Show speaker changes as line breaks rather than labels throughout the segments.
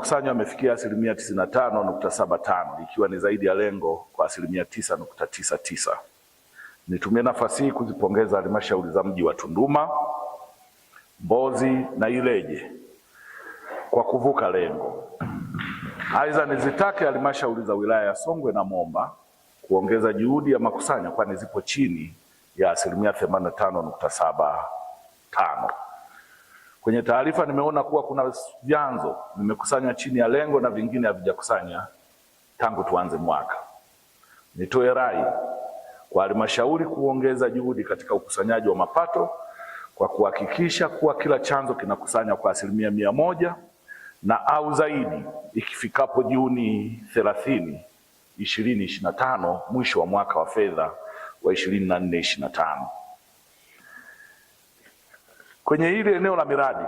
makusanyo yamefikia asilimia tisini na tano nukta saba tano ikiwa ni zaidi ya lengo kwa asilimia tisa nukta tisa tisa. Nitumie nafasi hii kuzipongeza halmashauri za mji wa Tunduma, Mbozi na Ileje kwa kuvuka lengo. Aidha, nizitake halmashauri za wilaya ya Songwe na Momba kuongeza juhudi ya makusanyo kwani zipo chini ya asilimia themanini na tano nukta saba tano. Kwenye taarifa nimeona kuwa kuna vyanzo vimekusanywa chini ya lengo na vingine havijakusanya tangu tuanze mwaka. Nitoe rai kwa halmashauri kuongeza juhudi katika ukusanyaji wa mapato kwa kuhakikisha kuwa kila chanzo kinakusanywa kwa asilimia mia moja na au zaidi ikifikapo Juni na tano mwisho wa mwaka wa fedha wa ishirini na tano kwenye ile eneo la miradi,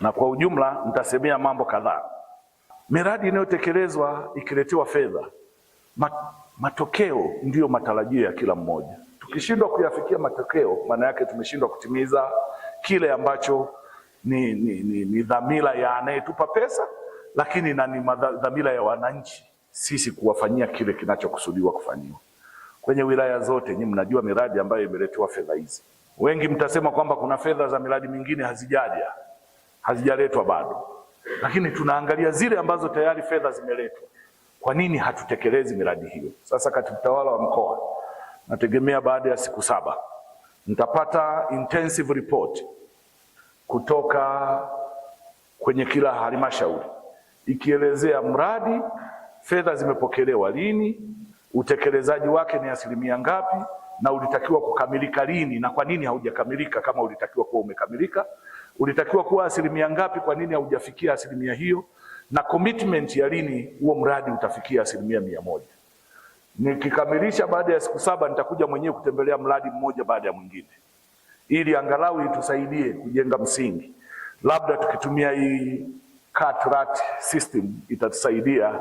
na kwa ujumla nitasemea mambo kadhaa. Miradi inayotekelezwa ikiletewa fedha, matokeo ndiyo matarajio ya kila mmoja. Tukishindwa kuyafikia matokeo, maana yake tumeshindwa kutimiza kile ambacho ni, ni, ni, ni dhamira ya anayetupa pesa, lakini na ni dhamira ya wananchi sisi kuwafanyia kile kinachokusudiwa kufanyiwa. Kwenye wilaya zote Nyi mnajua miradi ambayo imeletewa fedha hizi. Wengi mtasema kwamba kuna fedha za miradi mingine hazijaja, hazijaletwa bado, lakini tunaangalia zile ambazo tayari fedha zimeletwa. Kwa nini hatutekelezi miradi hiyo? Sasa kati utawala wa mkoa nategemea baada ya siku saba nitapata intensive report kutoka kwenye kila halmashauri ikielezea mradi, fedha zimepokelewa lini, utekelezaji wake ni asilimia ngapi na ulitakiwa kukamilika lini na kwa nini haujakamilika? Kama ulitakiwa kuwa umekamilika, ulitakiwa kuwa asilimia ngapi? Kwa nini haujafikia asilimia hiyo? Na commitment ya lini huo mradi utafikia asilimia mia moja? Nikikamilisha baada ya siku saba, nitakuja mwenyewe kutembelea mradi mmoja baada ya mwingine, ili angalau itusaidie kujenga msingi. Labda tukitumia hii CAT-RAT system itatusaidia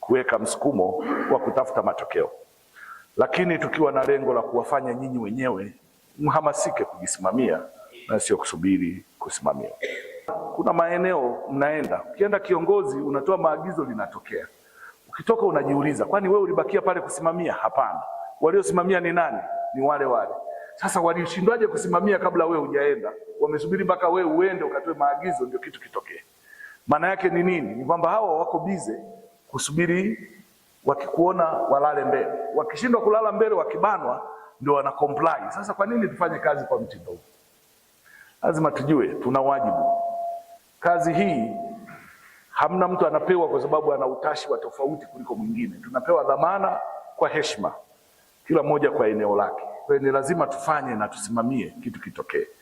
kuweka msukumo wa kutafuta matokeo lakini tukiwa na lengo la kuwafanya nyinyi wenyewe mhamasike kujisimamia na sio kusubiri kusimamia. Kuna maeneo mnaenda, ukienda kiongozi unatoa maagizo, linatokea. Ukitoka unajiuliza, kwani wewe ulibakia pale kusimamia? Hapana, waliosimamia ni nani? Ni wale wale. Sasa walishindwaje kusimamia kabla wewe hujaenda? Wamesubiri mpaka wewe uende ukatoe maagizo ndio kitu kitokee. Maana yake ni nini? Ni kwamba hawa wako bize kusubiri wakikuona walale mbele, wakishindwa kulala mbele, wakibanwa ndio wana comply. Sasa kwa nini tufanye kazi kwa mtindo huu? Lazima tujue tuna wajibu. Kazi hii hamna mtu anapewa kwa sababu ana utashi wa tofauti kuliko mwingine. Tunapewa dhamana kwa heshima, kila mmoja kwa eneo lake. Kwa hiyo ni lazima tufanye na tusimamie kitu kitokee.